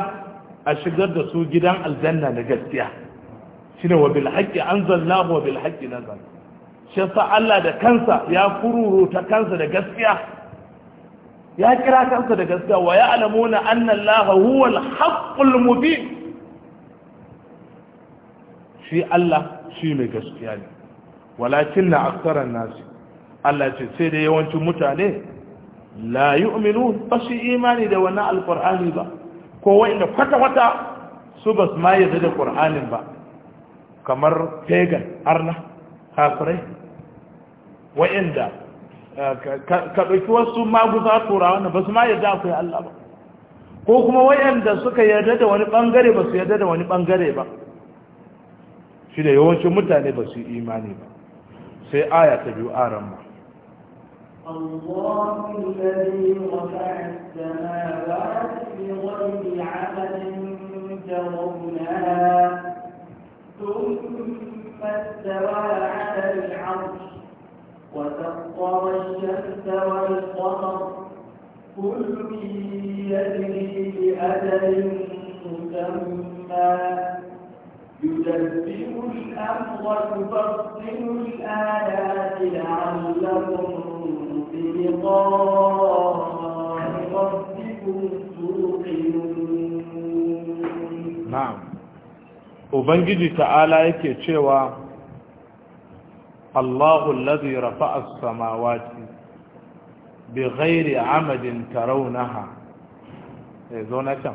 a shigar da su gidan aljanna na gaskiya ne wa bil an zalla wa bil na zalla shi sa Allah da kansa ya kururuta kansa da gaskiya ya kira kansa da gaskiya wa ya'lamuna anna allaha huwa al-haqqul mubin shi Allah shi mai gaskiya ne walakin na aksaran nasi Allah ce sai da yawancin mutane la yu'minu ba su imani da wannan alqur'ani ba ko wanda kwata kwata su ba su ma yarda da qur'anin ba kamar pagan arna kafirai wa'inda ka ɗauki wasu maguza turawa na ba su ma yadda akwai Allah ba ko kuma wayanda suka yarda da wani bangare ba su yarda da wani bangare ba shi da yawancin mutane ba su imani ba sai aya ta biyu aran ma الله ثم استوى على العرش وسخر الشمس والقمر كل يجري لأجل مسمى يدبر الأمر يفصل الآيات لعلكم بلقاء ربكم توقنون نعم Ubangiji ta'ala yake cewa الله الذي رفع السماوات بغير عمد ترونها زونا كم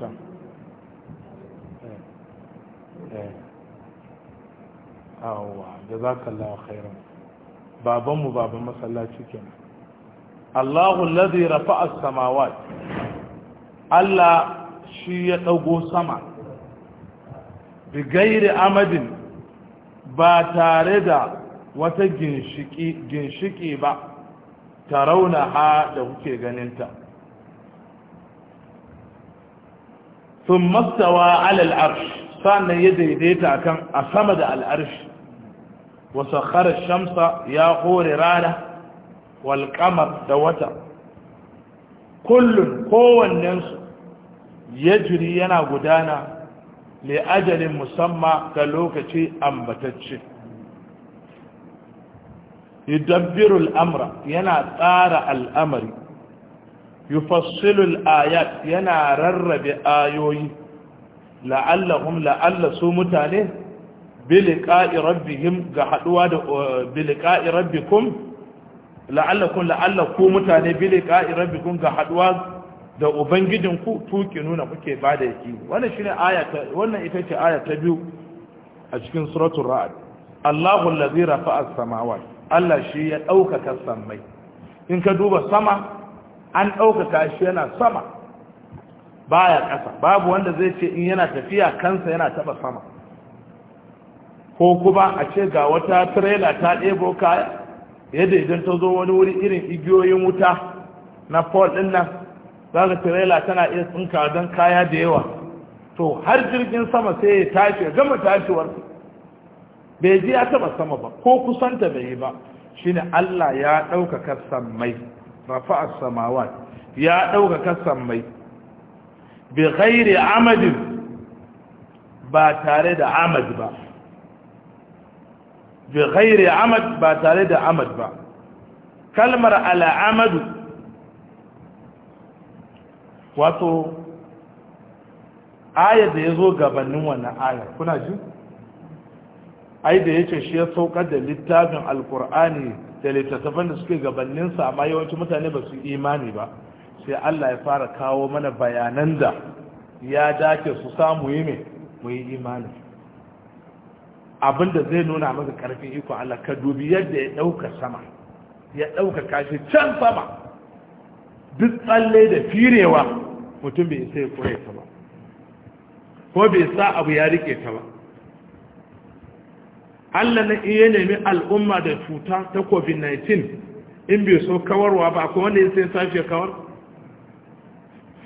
كم أوه جزاك الله خيرا بابا بابا مسلاتي كنا الله الذي رفع السماوات الله shi ya ɗago sama bi gairi amadin ba tare da wata ginshiki ba ta rauna ha da kuke ganinta sun mastawa alal arsh sannan ya daidaita kan a sama da al'arsh wasu shamsa ya hore rana walƙamar da wata kullum kowannensu ya jiri yana gudana Mai ajalin musamma ga lokaci ambatacce yudabbiru al'amra yana tsara al'amari yufassilu al'ayat yana rarrabe ayoyi la'alla su mutane rabbihim ga da la'alla ku mutane biliqa'i rabbikum ga haɗuwa. da ubangijin ku tuki nuna kuke ba da yaki wannan shine aya wannan ita ce aya ta biyu a cikin suratul ra'd Allahu allazi rafa'a as-samawati Allah shi ya daukaka samai in ka duba sama an daukaka shi yana sama baya ƙasa babu wanda zai ce in yana tafiya kansa yana taba sama ko kuma a ce ga wata trailer ta ɗebo kaya yadda idan ta zo wani wuri irin igiyoyin wuta na fol ɗin nan za tirela tana iya tsinka don kaya da yawa to har jirgin sama sai ya tashi ya gama tashiwar bai ji ya taba sama ba ko kusanta bai yi ba shine Allah ya ɗaukaka sammai a samawa ya ɗaukaka sammai bi ghairi amadin ba tare da amad ba bi ghairi amad ba tare da amad ba kalmar amadu wato ayar da ya zo gabanin wannan ayar kuna ji ai da ya ce shi ya saukar da littafin alkur'ani da littattafan da suke gabaninsa amma yawanci mutane ba su imani ba sai allah ya fara kawo mana bayanan da ya dace su samu yi mai mu yi imani abinda zai nuna maka karfin iko allah ka dubi yadda ya ɗauka sama ya ɗauka kashi can sama duk tsalle da firewa mutum bai isa ya ta ba ko bai sa abu ya rike ta ba Allah na iya nemi al'umma da cuta ta covid-19 in bai so kawarwa ba ko wanda ya sai kawar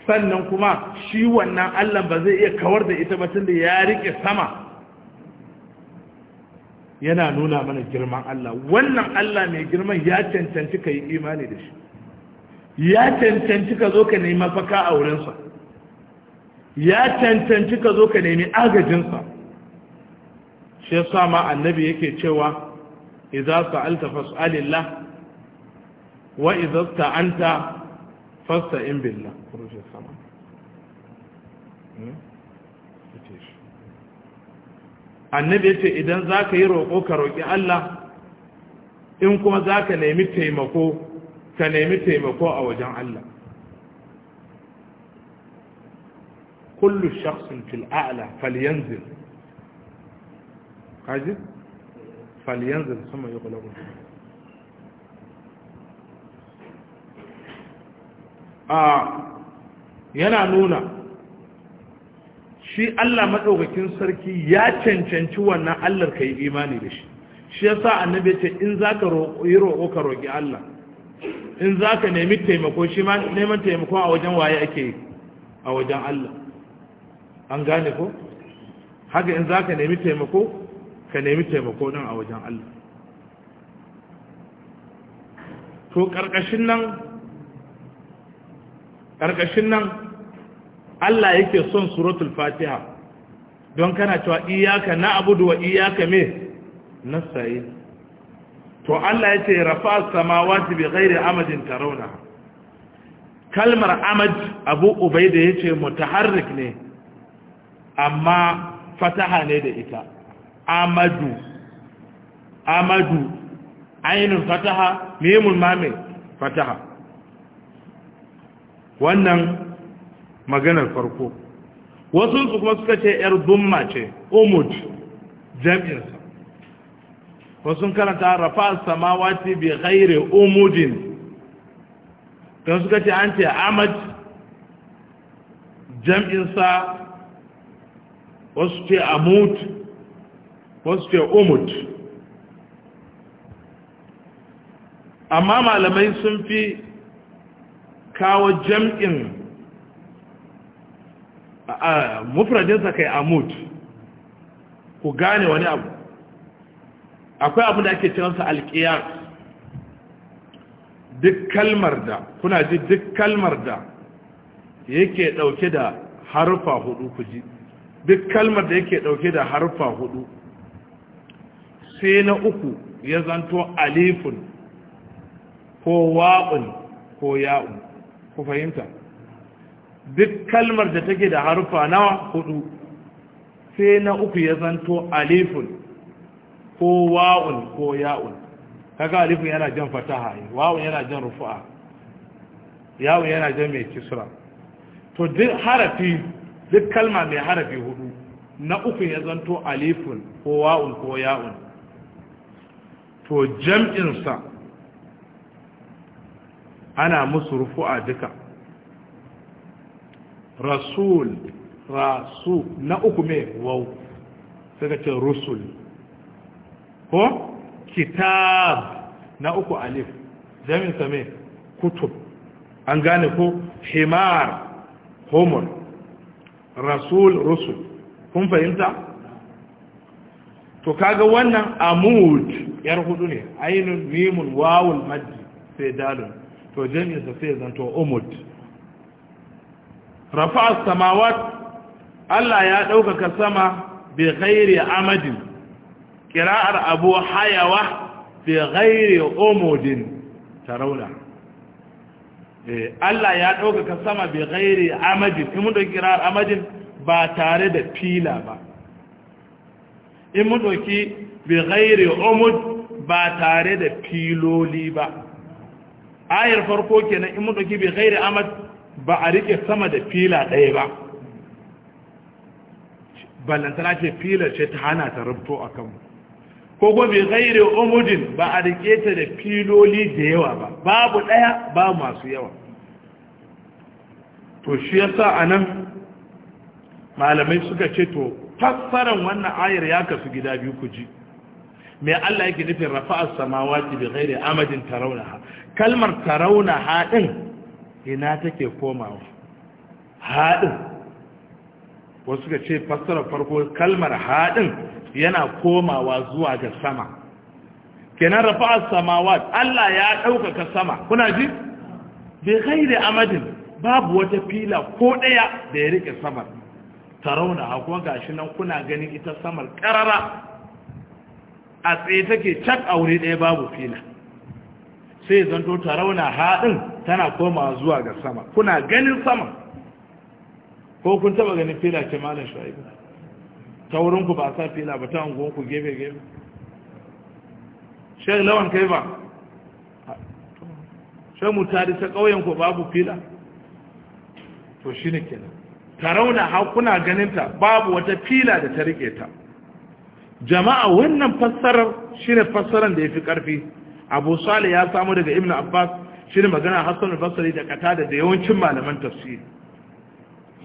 sannan kuma shi wannan Allah ba zai iya kawar da ita ba tunda ya rike sama yana nuna mana girman Allah wannan Allah mai girman ya cancanci ka yi imani da shi ya cancanci ka zo ka nemi mafaka a wurinsa ya cancanci ka zo ka nemi agajinsa shi sa ma annabi yake cewa idza sa'alta fas'alillah wa idza sta'anta fasta'in billah rufe sama hmm? annabi yace idan zaka yi roƙo ka roƙi Allah in kuma zaka nemi taimako ka nemi taimako a wajen Allah kullu shakhsin fil a'la falyanzil kaji sama ya kula a yana nuna shi Allah madaukakin sarki ya cancanci wannan Allah kai imani da shi shi yasa annabi ya ce in zaka roƙi roƙo ka roƙi Allah in za ka nemi taimako shi ma neman taimako a wajen waye ake a wajen Allah an gane ko haka in za ka nemi taimako ka nemi taimako nan a wajen Allah to ƙarƙashin nan ƙarƙashin nan Allah yake son suratul fatiha don kana cewa iyaka na abudu wa iyaka me nasayi to Allah ya ce rafa samawati bi ghairi amadin tarawna kalmar amad abu ubaida ya ce mutaharrik ne amma fataha ne da ita amadu amadu ainihin fataha mimun mame fataha wannan maganar farko wasu kuma suka ce yar dumma ce umud jam'in wasu karanta rafa samawati bi ghairi umudin kan suka ce an ce amad jam'insa wasu ce amud wasu ce umut amma malamai sun fi kawo jam'in mufradinsa kai amut ku gane wani abu akwai abin da ake cewansa alƙiyar duk kalmar da kuna ji duk kalmar da yake ɗauke da harfa hudu ku ji duk kalmar da yake ɗauke da harfa hudu sai na uku ya zanto alifun ko wa'un ko ya'un ku fahimta duk kalmar da take da harfa nawa hudu sai na uku ya zanto alifun ko wa'un ko ya'un kaga alifin yana jan fataha wa'un yana jan rufu'a ya'un yana jan mai kisra to duk harafi duk kalma mai harafi hudu na uku ya zanto alifin ko wa'un ko ya'un to jam'insa ana musu rufu'a duka rasul rasu na uku mai wau suka ce rusul ko kitab na uku alif jamin same kutub an gane ko himar homon rasul rusul kun fahimta to kaga wannan amud yar hudu ne ainun mimun wawul maji sai dalun to jami'in sa sai zanto umud rafa'a samawat Allah ya ɗaukaka sama bi ghairi amadin kira'ar abu hayawa fi ghairi umudin tarawla eh, Allah ya ɗaukaka sama bi ghairi amadin in mun kira'ar amadin ba tare da fila ba in mun ɗauki bi ghairi umud ba tare da filoli ba ayar farko kenan in mun ɗauki bi ghairi amad ba a rike sama da fila ɗaya ba ballantana ce filar ce ta hana ta rubto a kanmu ko kuma bai gaire umudin ba a rike ta da filoli da yawa ba babu ɗaya ba masu yawa to shi yasa a nan malamai suka ce to fassaran wannan ayar ya kasu gida biyu ku ji me Allah yake nufin rafa'as samawati bi ghairi amadin tarawnaha kalmar tarawnaha din ina take komawa hadin wasu suka ce fassara farko kalmar hadin yana komawa zuwa ga sama kenan rafa samawat Allah ya ɗaukaka sama kuna ji bai ghairi amadin babu wata fila ko ɗaya da ya rike samar tarauna kuma gashi nan kuna ganin ita samar ƙarara a tsaye take cak a wuri ɗaya babu fila sai zanto tarauna haɗin tana komawa zuwa ga sama kuna ganin sama ko kun taɓa ganin fila ce malam shu'aibu ta wurinku ba a sa fila ba ta unguwanku gefe-gefe shek lawan kai ba shek mutari ta ƙauyenku babu fila to shi ne kenan tarauna hakuna ganinta babu wata fila da ta riƙe ta jama'a wannan fassarar shi ne fassarar da ya fi ƙarfi abu sale ya samu daga ibn abbas shi ne magana hasan al-basari da kata da yawancin malaman tafsir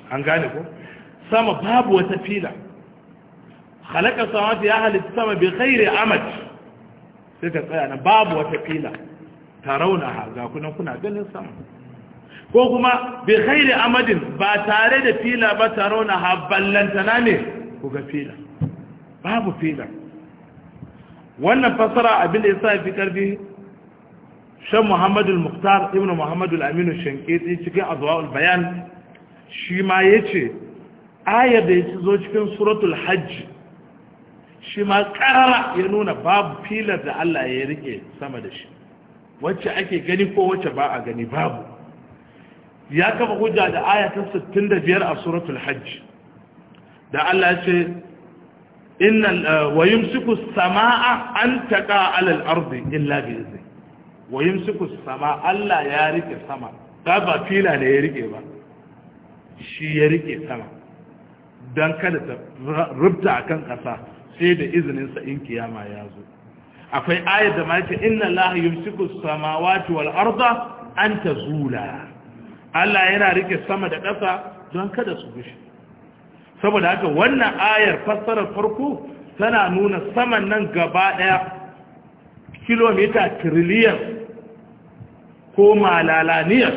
an gane ko sama babu wata fila halakar samawati ya halitta sama bi khairi amat sai ka tsaya na babu wata kila ta rauna ha ga kunan kuna ganin sama ko kuma bi khairi amadin ba tare da fila ba ta rauna ha ballantana ne ku ga fila babu fila wannan fasara abin da ya sa fi karfi shan Muhammadu muhammadul muktar ibn muhammadul aminu shankiti cikin azwa'ul bayan shi ma ya ce ayar da ya zo cikin suratul hajji shi ma ƙarara ya nuna babu filar da Allah ya rike sama da shi wacce ake gani ko wacce ba a gani babu ya kafa hujja da aya ta 65 a suratul hajj da Allah ya ce innal eh, wa yumsiku samaa an taqa alal al-ardi illa bi izni wa yumsiku samaa Allah ya rike sama Ba ba fila ne ya rike ba shi ya rike sama dan kada ta rubta akan kasa sai da izininsa in kiyama ya zo akwai ayat da ma ce inna allaha yumsiku samawati wal arda an tazula Allah yana rike sama da ƙasa don kada su gushi saboda haka wannan ayar fassarar farko tana nuna saman nan gaba ɗaya kilomita tiriliyan ko malalaniyar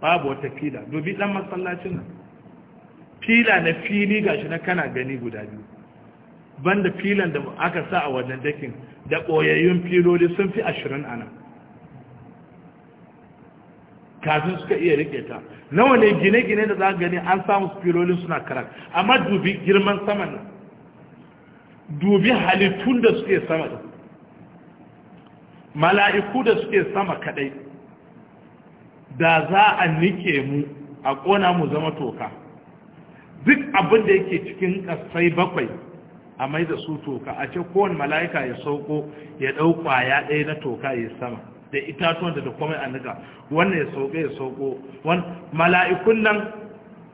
babu wata fila dobi ɗan masallacin nan fila na fili gashi na kana gani guda biyu banda filan da aka sa a wannan dakin da ɓoyayyun filoli sun fi ashirin a nan kafin suka iya rike ta nawa ne gine-gine da za gani an samu filolin suna karar amma dubi girman saman nan dubi halittun da suke sama da mala'iku da suke sama kadai da za a nike mu a ƙona mu zama toka duk abin da yake cikin ƙasai bakwai a mai da su toka a ce kowane mala'ika ya sauko ya ɗau ƙwaya ɗaya na toka ya sama da itatuwan da da komai a nika wannan ya sauko ya sauko mala'ikun nan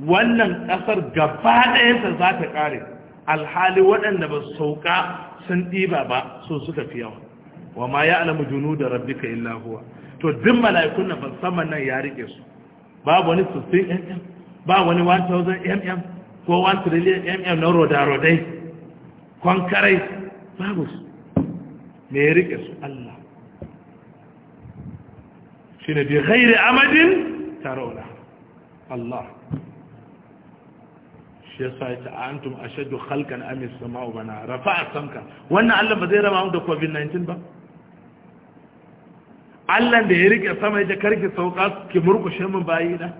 wannan ƙasar gaba ɗayansa za ta ƙare alhali waɗanda ba sauka sun ɗiba ba su suka fi yawa wa ma ya alamu junu da rabbika illa huwa to duk mala'ikun nan musamman nan ya riƙe su babu wani 15 mm ba wani 1000 mm ko 1 trillion mm na rodarodai kwankarai babu su me ya rike su Allah shi ne bi ghairi amadin tarona Allah shi yasa ta antum ashaddu khalqan am as-sama'u bana a samka wannan Allah ba zai rama da covid-19 ba Allah da ya rike sama ya karki sauƙa ki murkushe mun bayi na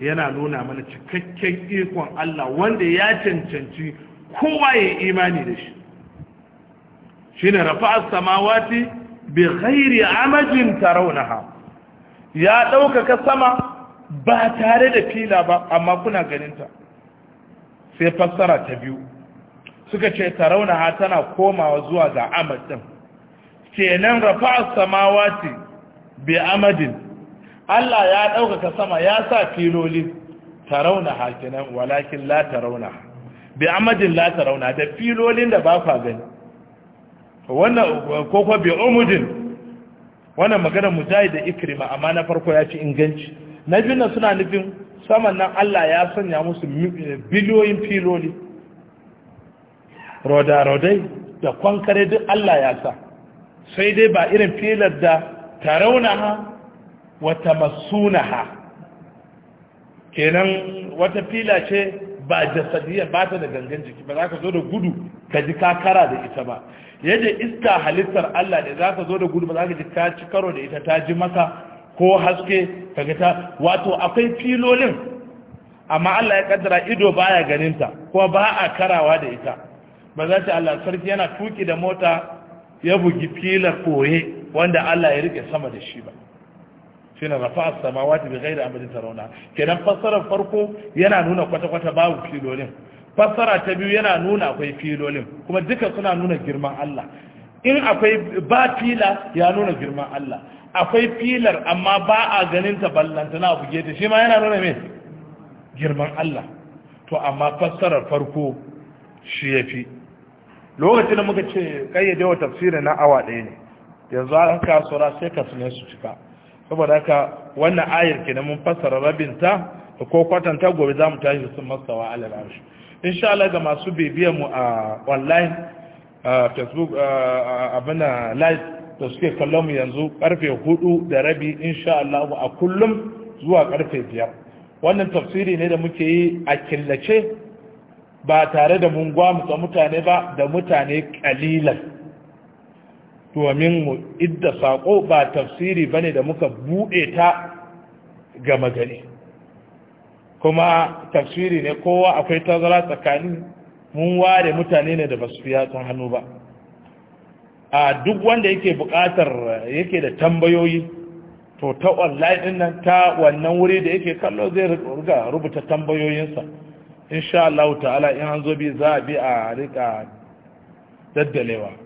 yana nuna mana cikakken ikon Allah wanda ya cancanci kowa ya imani da shi shine rafa'a samawati bi ghairi amajin Taraunaha ya ɗaukaka sama ba tare da fila ba amma kuna ganinta sai fassara ta biyu suka ce Taraunaha tana komawa zuwa ga amajin kenan rafa'a samawati bi amadin Allah ya ɗaukaka sama ya sa filoli tarauna hakinan walakin la rauna bi amadin la ta rauna da filolin da ba kwa gani wannan koko bi umudin wannan maganar mujahid da ikrima amma na farko ya ci inganci na biyu nan suna nufin saman nan Allah ya sanya musu eh, biliyoyin filoli Rodarodai da kwankare duk Allah ya sa sai dai ba irin filar da rauna ha wata masunaha kenan wata fila ce ba jasadiyya ba ta da gangan jiki ba za ka zo da gudu ka ji ka kara da ita ba yadda iska halittar Allah ne za ka zo da gudu ba za ka ji ta ci karo da ita ta ji maka ko haske kaga ta wato akwai filolin amma Allah ya kaddara ido baya ganinta kuma ba a karawa da ita ba za ta Allah sarki yana tuki da mota ya bugi filar koye wanda Allah ya rike sama da shi ba shine rafa'a samawati bi ghairi amadin tarawna kenan fassarar farko yana nuna kwata kwata babu filolin fassara ta biyu yana nuna akwai filolin kuma duka suna nuna girman Allah in akwai ba fila ya nuna girman Allah akwai filar amma ba a ganin ta ballanta na buge ta shi ma yana nuna me girman Allah to amma fassarar farko shi yafi lokacin da muka ce kayyade wa tafsirin na awa ɗaya ne yanzu an kasura sai ka sune su cika saboda haka wannan ayar kenan mun fassara rabin ta ko kwatanta gobe za mu tashi sun masawa alal arshi insha Allah ga masu bibiyar mu a online a facebook abuna live da suke kallon mu yanzu karfe 4 da rabi insha Allah a kullum zuwa karfe biyar. wannan tafsiri ne da muke yi a killace ba tare da mun gwamutsa mutane ba da mutane kalilan domin mu idda saƙo ba tafsiri ba ne da muka buɗe ta gama gari kuma tafsiri ne kowa akwai tazara tsakanin mun ware mutane ne da basu fiya sun hannu ba a duk wanda yake buƙatar yake da tambayoyi to ta online nan ta wannan wuri da yake kallo zai rubuta tambayoyinsa insha Allah ta'ala in an zo bi za a bi a rika daddalewa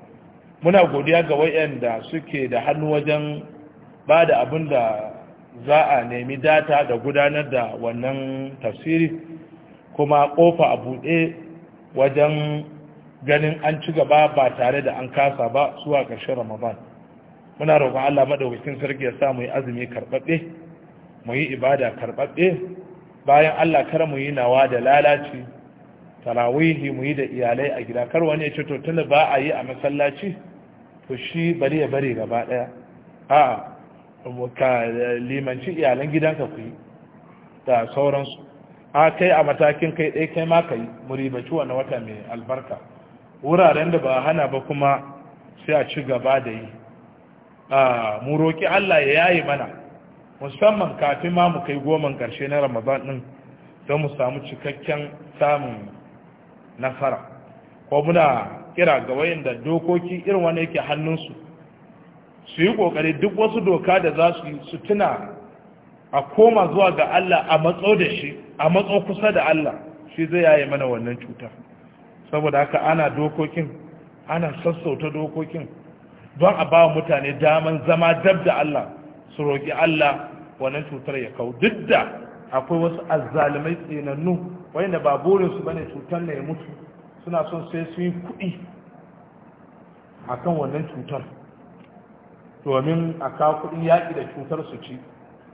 muna godiya ga wayanda suke da hannu wajen ba da abin da za a nemi data da gudanar da wannan tafsiri kuma kofa a buɗe wajen ganin an ci gaba ba tare da an kasa ba zuwa ƙarshen ramadan muna roƙon allah maɗaukakin sarki ya sa mu yi azumi karɓaɓɓe mu yi ibada karɓaɓɓe bayan allah kar mu yi nawa da lalaci tarawihi mu yi da iyalai a gida kar wani ya ce to tuni ba a yi a masallaci to shi bari ya bari gaba daya a ka limanci iyalan gidanka ku yi da sauransu a kai a matakin kai ɗaya, kai ma ka yi muribaci wani wata mai albarka wuraren da ba hana ba kuma sai a ci gaba da yi a mu roƙi Allah ya yayi mana musamman kafin ma mu kai goman ƙarshe na ramadan ɗin don mu samu cikakken samun nasara ko muna kira ga wayanda dokoki irin wani yake hannunsu su yi kokari duk wasu doka da za su yi su tuna a koma zuwa ga Allah a matso da shi a matso kusa da Allah shi zai yaye mana wannan cuta saboda haka ana dokokin ana sassauta dokokin don a ba mutane daman zama dab da Allah su roƙi Allah wannan cutar ya kau duk da akwai wasu azzalumai tsinannu wayanda ba burinsu bane cutar ne ya mutu suna son sai su yi kuɗi a kan wannan cutar domin a kawo kuɗin yaƙi da cutar su ci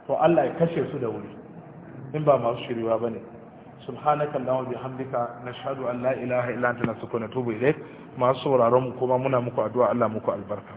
to Allah ya kashe su da wuri in ba masu shirwa ba ne subhanaka allahumma bihamdika nashhadu an la ilaha illa anta nastaghfiruka wa natubu ilayk masu sauraron mu kuma muna muku addu'a Allah muku albarka